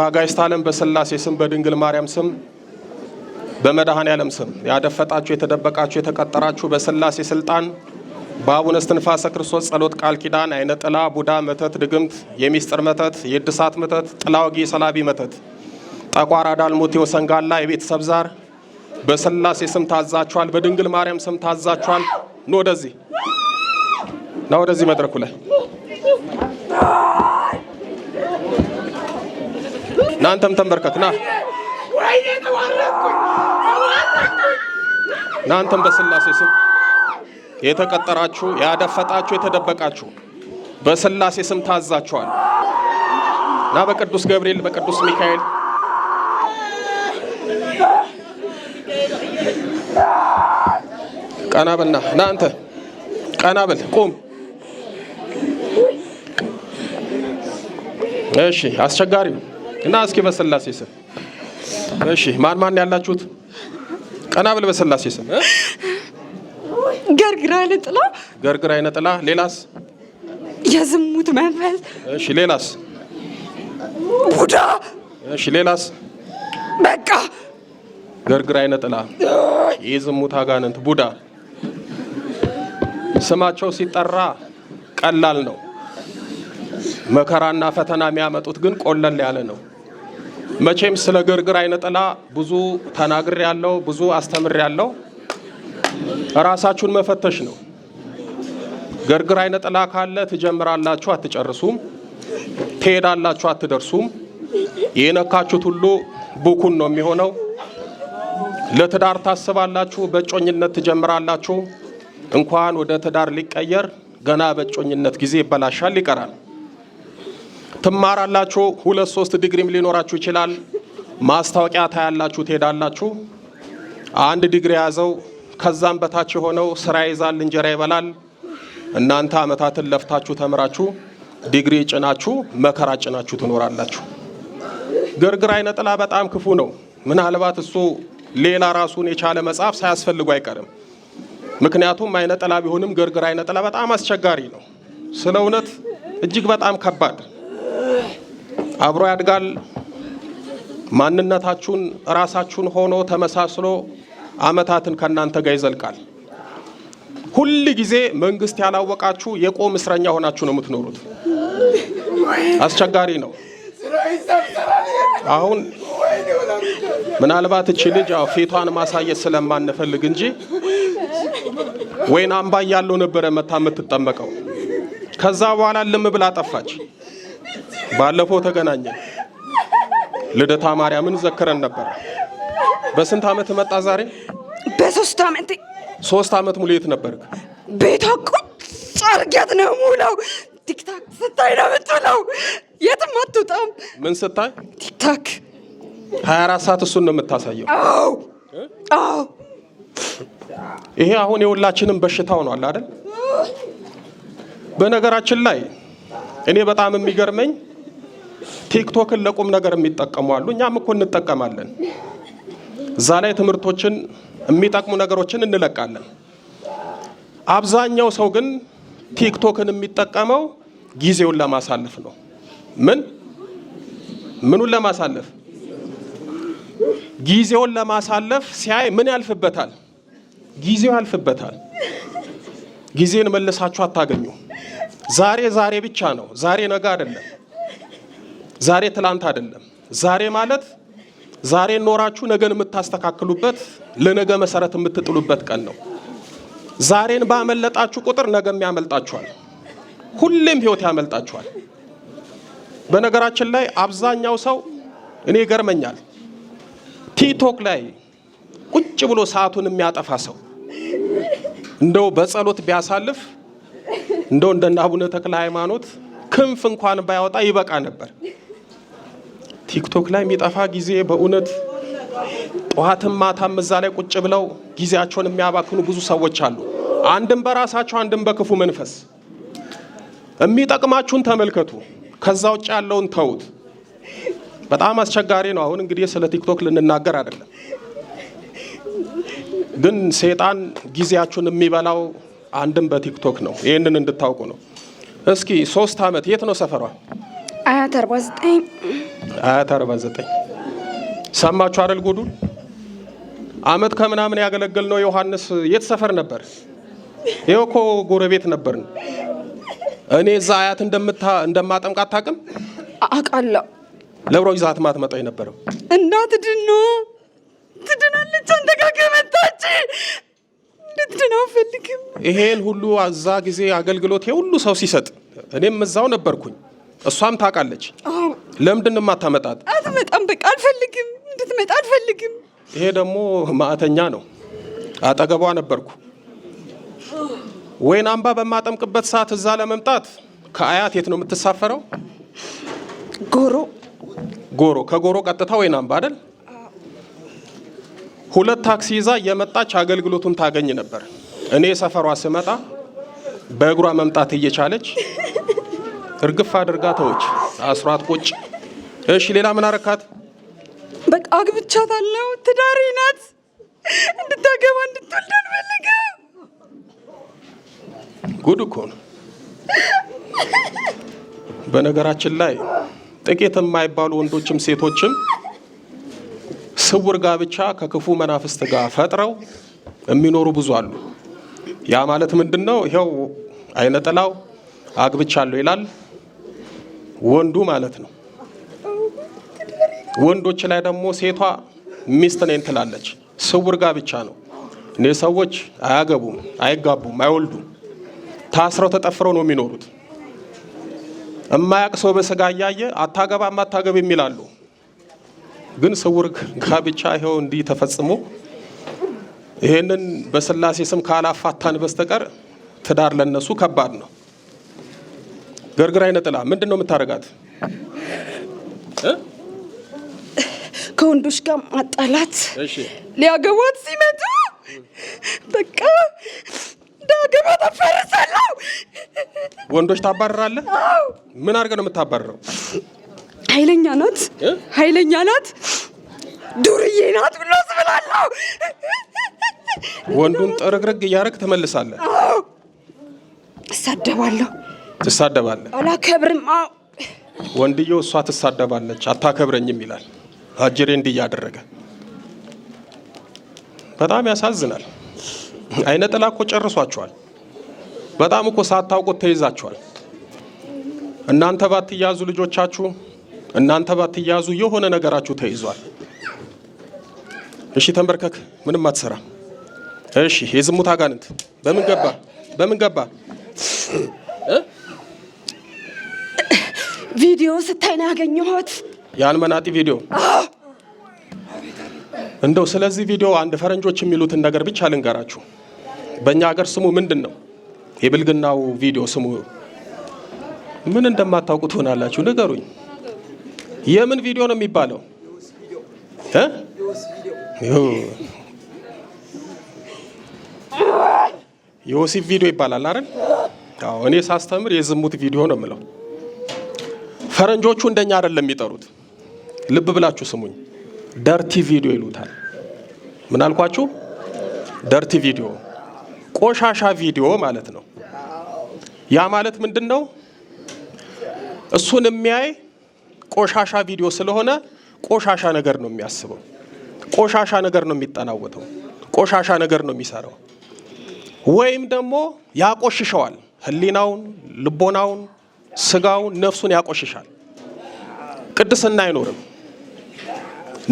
በአጋዕዝተ ዓለም በስላሴ ስም በድንግል ማርያም ስም በመድኃኔ ዓለም ስም ያደፈጣችሁ የተደበቃችሁ የተቀጠራችሁ በስላሴ ስልጣን በአቡነ እስትንፋሰ ክርስቶስ ጸሎት ቃል ኪዳን አይነ ጥላ ቡዳ መተት ድግምት የሚስጥር መተት የእድሳት መተት ጥላውጊ ሰላቢ መተት ጠቋራ ዳልሙት የወሰንጋላ የቤተሰብ ዛር በስላሴ ስም ታዛችኋል። በድንግል ማርያም ስም ታዛችኋል። ኑ ወደዚህ ና ወደዚህ መድረኩ ላይ ናንተም ተንበርከክ ና ናንተም በስላሴ ስም የተቀጠራችሁ ያደፈጣችሁ የተደበቃችሁ በስላሴ ስም ታዛችኋል እና በቅዱስ ገብርኤል በቅዱስ ሚካኤል ቀናብልና ናንተ ቀናብል ቁም። እሺ አስቸጋሪው እና እስኪ በስላሴ ስም እሺ፣ ማን ማን ያላችሁት? ቀና ብል በስላሴ ስም ገርግራ አይነ ጥላ፣ ገርግራ አይነ ጥላ። ሌላስ? የዝሙት መንፈስ። እሺ፣ ሌላስ? ቡዳ። እሺ፣ ሌላስ? በቃ ገርግራ አይነ ጥላ፣ የዝሙት አጋንንት፣ ቡዳ ስማቸው ሲጠራ ቀላል ነው። መከራና ፈተና የሚያመጡት ግን ቆለል ያለ ነው። መቼም ስለ ግርግር አይነጥላ ብዙ ተናግር ያለው ብዙ አስተምር ያለው ራሳችሁን መፈተሽ ነው። ግርግር አይነጥላ ካለ ትጀምራላችሁ፣ አትጨርሱም፣ ትሄዳላችሁ፣ አትደርሱም። የነካችሁት ሁሉ ቡኩን ነው የሚሆነው። ለትዳር ታስባላችሁ፣ በእጮኝነት ትጀምራላችሁ። እንኳን ወደ ትዳር ሊቀየር ገና በእጮኝነት ጊዜ ይበላሻል፣ ይቀራል። ትማራላችሁ። ሁለት ሶስት ዲግሪም ሊኖራችሁ ይችላል። ማስታወቂያ ታያላችሁ፣ ትሄዳላችሁ። አንድ ዲግሪ የያዘው ከዛም በታች የሆነው ስራ ይዛል፣ እንጀራ ይበላል። እናንተ አመታትን ለፍታችሁ ተምራችሁ ዲግሪ ጭናችሁ መከራ ጭናችሁ ትኖራላችሁ። ግርግር አይነ ጥላ በጣም ክፉ ነው። ምናልባት እሱ ሌላ ራሱን የቻለ መጽሐፍ ሳያስፈልጉ አይቀርም። ምክንያቱም አይነ ጥላ ቢሆንም ግርግር አይነ ጥላ በጣም አስቸጋሪ ነው። ስለ እውነት እጅግ በጣም ከባድ አብሮ ያድጋል። ማንነታችሁን ራሳችሁን ሆኖ ተመሳስሎ አመታትን ከእናንተ ጋር ይዘልቃል። ሁል ጊዜ መንግስት ያላወቃችሁ የቆም እስረኛ ሆናችሁ ነው የምትኖሩት። አስቸጋሪ ነው። አሁን ምናልባት እቺ ልጅ ፊቷን ማሳየት ስለማንፈልግ እንጂ ወይን አምባ እያለው ነበረ መታ የምትጠመቀው። ከዛ በኋላ ልም ብላ ጠፋች። ባለፈው ተገናኘን። ልደታ ማርያምን ዘክረን ነበር። በስንት ዓመት መጣ ዛሬ? በሶስት ዓመት። ሶስት ዓመት ሙሉ የት ነበርክ? ቤቷ ቁጭ አርጊያት ነው ሙላው ቲክታክ ስታይ ነው የምትውለው። የትም አትወጣም። ምን ስታይ? ቲክታክ 24 ሰዓት እሱን ነው የምታሳየው። አዎ አዎ። ይሄ አሁን የሁላችንም በሽታ ሆኗል አይደል? በነገራችን ላይ እኔ በጣም የሚገርመኝ ቲክቶክን ለቁም ነገር የሚጠቀሙ አሉ። እኛም እኮ እንጠቀማለን። እዛ ላይ ትምህርቶችን የሚጠቅሙ ነገሮችን እንለቃለን። አብዛኛው ሰው ግን ቲክቶክን የሚጠቀመው ጊዜውን ለማሳለፍ ነው። ምን ምኑን ለማሳለፍ? ጊዜውን ለማሳለፍ ሲያይ ምን ያልፍበታል? ጊዜው ያልፍበታል። ጊዜን መልሳችሁ አታገኙ። ዛሬ ዛሬ ብቻ ነው። ዛሬ ነገ አይደለም። ዛሬ ትላንት አይደለም። ዛሬ ማለት ዛሬ ኖራችሁ ነገን የምታስተካክሉበት ለነገ መሰረት የምትጥሉበት ቀን ነው። ዛሬን ባመለጣችሁ ቁጥር ነገም ያመልጣችኋል። ሁሌም ህይወት ያመልጣችኋል። በነገራችን ላይ አብዛኛው ሰው እኔ ይገርመኛል፣ ቲክቶክ ላይ ቁጭ ብሎ ሰዓቱን የሚያጠፋ ሰው እንደው በጸሎት ቢያሳልፍ እንደው እንደነ አቡነ ተክለ ሃይማኖት ክንፍ እንኳን ባያወጣ ይበቃ ነበር። ቲክቶክ ላይ የሚጠፋ ጊዜ በእውነት ጠዋትም ማታም እዛ ላይ ቁጭ ብለው ጊዜያቸውን የሚያባክኑ ብዙ ሰዎች አሉ። አንድም በራሳቸው አንድም በክፉ መንፈስ። የሚጠቅማችሁን ተመልከቱ፣ ከዛ ውጭ ያለውን ተዉት። በጣም አስቸጋሪ ነው። አሁን እንግዲህ ስለ ቲክቶክ ልንናገር አይደለም፣ ግን ሴጣን ጊዜያችሁን የሚበላው አንድም በቲክቶክ ነው። ይህንን እንድታውቁ ነው። እስኪ ሶስት አመት የት ነው ሰፈሯ? አያት 49 አያት 49 ሰማችሁ አይደል? ጉዱን አመት ከምናምን ያገለገል ነው ዮሐንስ የት ሰፈር ነበር? ይኸው እኮ ጎረቤት ነበርን። እኔ እዛ አያት እንደምታ እንደማጠምቅ አታውቅም? አውቃለሁ። ለብሮ ይዛት ማት የነበረው እና ትድን ትድናለች። አንተ ጋር ከመጣች አልፈልግም። ይሄን ሁሉ አዛ ጊዜ አገልግሎት የሁሉ ሰው ሲሰጥ እኔም እዛው ነበርኩኝ። እሷም ታውቃለች። ለምንድን ነው የማታመጣት? አትመጣም። በቃ አልፈልግም፣ እንድትመጣ አልፈልግም። ይሄ ደግሞ ማዕተኛ ነው። አጠገቧ ነበርኩ። ወይን አምባ በማጠምቅበት ሰዓት እዛ ለመምጣት ከአያት የት ነው የምትሳፈረው? ጎሮ ጎሮ። ከጎሮ ቀጥታ ወይን አምባ አይደል? ሁለት ታክሲ ይዛ እየመጣች አገልግሎቱን ታገኝ ነበር። እኔ ሰፈሯ ስመጣ በእግሯ መምጣት እየቻለች እርግፍ አድርጋ ተወች። አስራት ቁጭ። እሺ ሌላ ምን አረካት? በቃ አግብቻታለሁ፣ ትዳሪ ናት፣ እንድታገባ እንድትወልድ አልፈልግም። ጉድ እኮ ነው። በነገራችን ላይ ጥቂት የማይባሉ ወንዶችም ሴቶችም ስውር ጋብቻ ከክፉ መናፍስት ጋር ፈጥረው የሚኖሩ ብዙ አሉ። ያ ማለት ምንድን ነው? ይኸው አይነጠላው ጥላው አግብቻለሁ ይላል። ወንዱ ማለት ነው። ወንዶች ላይ ደግሞ ሴቷ ሚስት ነኝ ትላለች። ስውር ጋብቻ ነው። እኔ ሰዎች አያገቡም፣ አይጋቡም፣ አይወልዱም። ታስረው ተጠፍረው ነው የሚኖሩት። እማያቅ ሰው በስጋ እያየ አታገባም፣ አታገብም ይላሉ። ግን ስውር ጋብቻ ይኸው እንዲህ ተፈጽሞ ይህንን በስላሴ ስም ካላፋታን በስተቀር ትዳር ለነሱ ከባድ ነው። ገርግራይ ነጥላ ምንድን ነው የምታደርጋት? ከወንዶች ጋር ማጣላት ሊያገቧት ሲመጡ በቃ እንዳገባ ተፈርሳለሁ። ወንዶች ታባረራለ? ምን አድርገ ነው የምታባረረው? ኃይለኛ ናት፣ ኃይለኛ ናት፣ ዱርዬ ናት ብሎ ስብላለሁ። ወንዱን ጥርግርግ እያደረግ ትመልሳለህ? እሳደባለሁ ትሳደባለህ። አላከብርም። ወንድየው እሷ ትሳደባለች፣ አታከብረኝም ይላል። አጅሬ እንዲህ እያደረገ በጣም ያሳዝናል። አይነ ጥላ እኮ ጨርሷችኋል። በጣም እኮ ሳታውቁት ተይዛቸዋል። እናንተ ባትያዙ ልጆቻችሁ እናንተ ባትያዙ የሆነ ነገራችሁ ተይዟል። እሺ ተንበርከክ፣ ምንም አትሰራ። እሺ የዝሙት አጋንንት በምን ገባ? በምን ገባ? ቪዲዮ ስታይ ያገኘሁት። ያን መናጢ ቪዲዮ እንደው ስለዚህ ቪዲዮ አንድ ፈረንጆች የሚሉትን ነገር ብቻ ልንገራችሁ። በእኛ ሀገር ስሙ ምንድን ነው? የብልግናው ቪዲዮ ስሙ ምን እንደማታውቁ ትሆናላችሁ። ንገሩኝ። የምን ቪዲዮ ነው የሚባለው? የወሲብ ቪዲዮ ይባላል አይደል? እኔ ሳስተምር የዝሙት ቪዲዮ ነው የምለው። ፈረንጆቹ እንደኛ አይደለም የሚጠሩት። ልብ ብላችሁ ስሙኝ። ደርቲ ቪዲዮ ይሉታል። ምን አልኳችሁ? ደርቲ ቪዲዮ፣ ቆሻሻ ቪዲዮ ማለት ነው። ያ ማለት ምንድን ነው? እሱን የሚያይ ቆሻሻ ቪዲዮ ስለሆነ ቆሻሻ ነገር ነው የሚያስበው፣ ቆሻሻ ነገር ነው የሚጠናወተው፣ ቆሻሻ ነገር ነው የሚሰራው። ወይም ደግሞ ያቆሽሸዋል፣ ህሊናውን ልቦናውን ስጋውን ነፍሱን ያቆሽሻል። ቅድስና አይኖርም።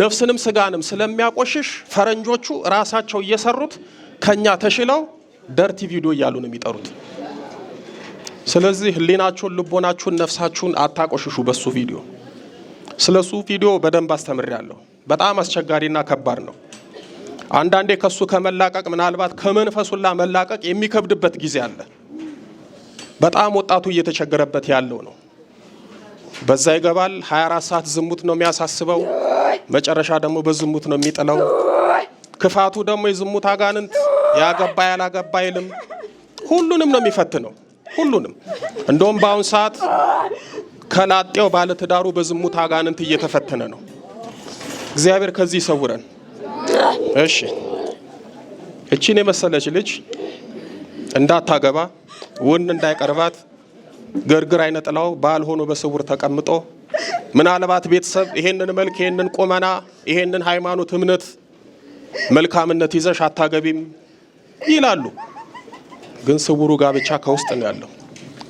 ነፍስንም ስጋንም ስለሚያቆሽሽ ፈረንጆቹ ራሳቸው እየሰሩት ከኛ ተሽለው ደርቲ ቪዲዮ እያሉ ነው የሚጠሩት። ስለዚህ ሕሊናችሁን፣ ልቦናችሁን፣ ነፍሳችሁን አታቆሽሹ በሱ ቪዲዮ። ስለ እሱ ቪዲዮ በደንብ አስተምር ያለሁ በጣም አስቸጋሪና ከባድ ነው። አንዳንዴ ከሱ ከመላቀቅ ምናልባት ከመንፈሱላ መላቀቅ የሚከብድበት ጊዜ አለ። በጣም ወጣቱ እየተቸገረበት ያለው ነው። በዛ ይገባል። 24 ሰዓት ዝሙት ነው የሚያሳስበው፣ መጨረሻ ደግሞ በዝሙት ነው የሚጥለው። ክፋቱ ደግሞ የዝሙት አጋንንት ያገባ ያላገባ አይልም፣ ሁሉንም ነው የሚፈትነው። ሁሉንም እንደውም በአሁን ሰዓት ከላጤው ባለትዳሩ በዝሙት አጋንንት እየተፈተነ ነው። እግዚአብሔር ከዚህ ይሰውረን። እሺ እቺን የመሰለች ልጅ እንዳታገባ ወን እንዳይቀርባት ግርግር አይነ ጥላው ባል ሆኖ በስውር ተቀምጦ ምናልባት ቤተሰብ ይሄንን መልክ ይሄንን ቁመና ይሄንን ሃይማኖት፣ እምነት፣ መልካምነት ይዘሽ አታገቢም ይላሉ። ግን ስውሩ ጋብቻ ከውስጥ ነው ያለው።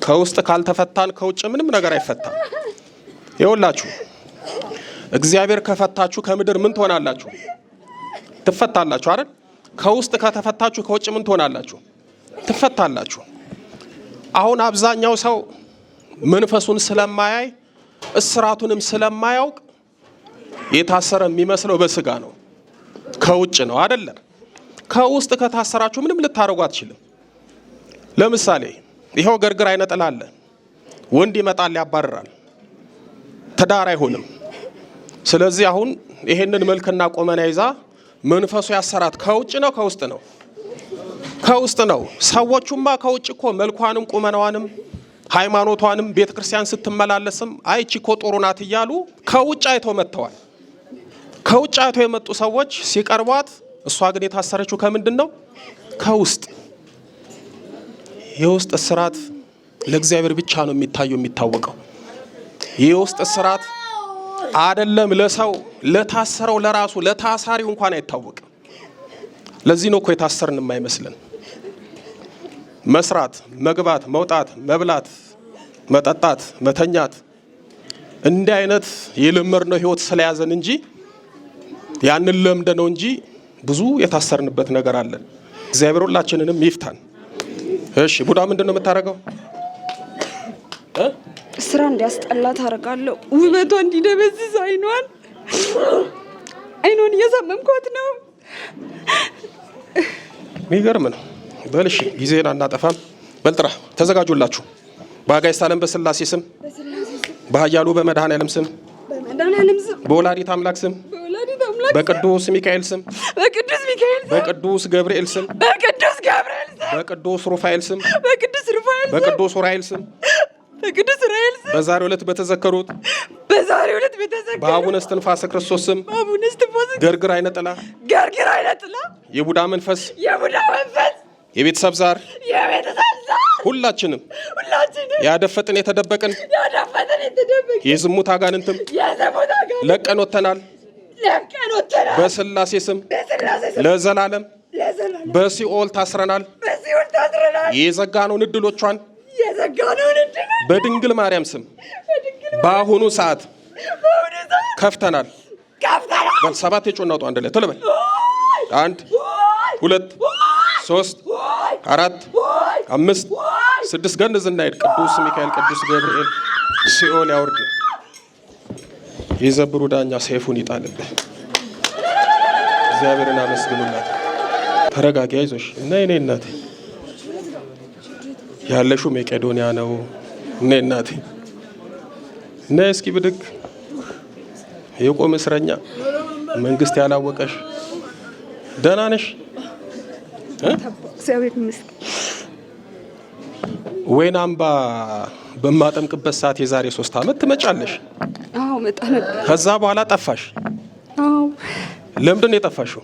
ከውስጥ ካልተፈታን ከውጭ ምንም ነገር አይፈታም። ይኸውላችሁ እግዚአብሔር ከፈታችሁ ከምድር ምን ትሆናላችሁ? ትፈታላችሁ አይደል? ከውስጥ ከተፈታችሁ ከውጭ ምን ትሆናላችሁ? ትፈታላችሁ። አሁን አብዛኛው ሰው መንፈሱን ስለማያይ እስራቱንም ስለማያውቅ የታሰረ የሚመስለው በስጋ ነው፣ ከውጭ ነው አይደለም። ከውስጥ ከታሰራችሁ ምንም ልታደርጉ አትችልም። ለምሳሌ ይኸው ገርግር አይነጥላለ ወንድ ይመጣል ያባርራል፣ ትዳር አይሆንም። ስለዚህ አሁን ይሄንን መልክና ቁመና ይዛ መንፈሱ ያሰራት ከውጭ ነው ከውስጥ ነው? ከውስጥ ነው። ሰዎቹማ ከውጭ እኮ መልኳንም ቁመናዋንም ሃይማኖቷንም ቤተ ክርስቲያን ስትመላለስም አይቺ እኮ ጥሩ ናት እያሉ ከውጭ አይተው መጥተዋል። ከውጭ አይተው የመጡ ሰዎች ሲቀርቧት፣ እሷ ግን የታሰረችው ከምንድን ነው? ከውስጥ የውስጥ እስራት ለእግዚአብሔር ብቻ ነው የሚታየው የሚታወቀው። የውስጥ እስራት አደለም ለሰው ለታሰረው ለራሱ ለታሳሪው እንኳን አይታወቅም። ለዚህ ነው እኮ የታሰርን የማይመስልን። መስራት፣ መግባት፣ መውጣት፣ መብላት፣ መጠጣት፣ መተኛት እንዲህ አይነት የለመድነው ህይወት ስለያዘን እንጂ ያንን ለምደ ነው እንጂ ብዙ የታሰርንበት ነገር አለን። እግዚአብሔር ሁላችንንም ይፍታን። እሺ ቡዳ ምንድን ነው የምታደርገው? ስራ እንዲያስጠላ ታደርጋለሁ። ውበቷ እንዲደበዝዝ አይኗን አይኗን እያሳመምኳት ነው። የሚገርም ነው። በል እሺ፣ ጊዜህን አናጠፋም። በልጥራ ተዘጋጁላችሁ። በአጋዕዝተ ዓለም በስላሴ ስም፣ በኃያሉ በመድኃኔዓለም ስም፣ በወላዲት አምላክ ስም፣ በቅዱስ ሚካኤል ስም፣ በቅዱስ ገብርኤል ስም፣ በቅዱስ ሩፋኤል ስም፣ በቅዱስ ኡራኤል ስም በቅዱስ ኡራኤል ስም በዛሬው ዕለት በተዘከሩት በዛሬው ዕለት በተዘከሩት በአቡነ እስትንፋሰ ክርስቶስ ስም በአቡነ እስትንፋሰ ገርግር አይነጥላ ገርግር የቡዳ መንፈስ የቡዳ መንፈስ የቤተሰብ ዛር ሁላችንም ያደፈጥን የተደበቅን የዝሙት አጋንንትም ለቀን ወጥተናል። በስላሴ ስም ለዘላለም በሲኦል ታስረናል። የዘጋነውን እድሎቿን በድንግል ማርያም ስም በአሁኑ ሰዓት ከፍተናል። ሰባት የጮናውጡ አንድ ላይ ቶሎ በል አንድ ሁለት ሶስት አራት አምስት ስድስት ገንዝ እንዳይል ቅዱስ ሚካኤል ቅዱስ ገብርኤል ሲኦል ያውርድ። የዘብሩ ዳኛ ሰይፉን ይጣልብህ። እግዚአብሔርን አመስግኑናት። ተረጋጊ፣ አይዞሽ እና እኔ እናቴ ያለሹ መቄዶንያ ነው። እኔ እናቴ እና እስኪ ብድግ የቆም እስረኛ መንግስት ያላወቀሽ ደህና ነሽ? እግዚአብሔር ይመስገን። ወይን አምባ በማጠምቅበት ሰዓት የዛሬ ሶስት ዓመት ትመጫለሽ? አዎ መጣ ነበር። ከዛ በኋላ ጠፋሽ? አዎ። ለምንድን ነው የጠፋሽው?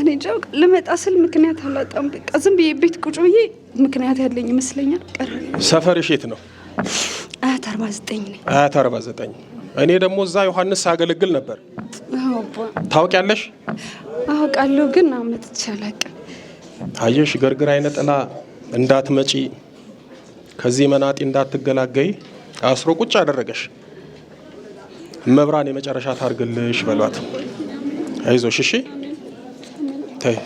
እኔ እንጃ። ልመጣ ስል ምክንያት አላጣም። በቃ ዝም ብዬ ቤት ቁጭ ብዬ ምክንያት ያለኝ ይመስለኛል። ቀረ። ሰፈርሽ የት ነው? አያት 49 ነኝ። አያት 49 እኔ ደግሞ እዛ ዮሐንስ ሳገለግል ነበር። ታውቂያለሽ? አውቃለሁ፣ ግን አመት ይቻላል አየሽ ገርግር አይነ ጥላ እንዳትመጪ ከዚህ መናጢ እንዳትገላገይ አስሮ ቁጭ አደረገሽ። መብራን የመጨረሻ ታርግልሽ በሏት። አይዞሽ እሺ ተይ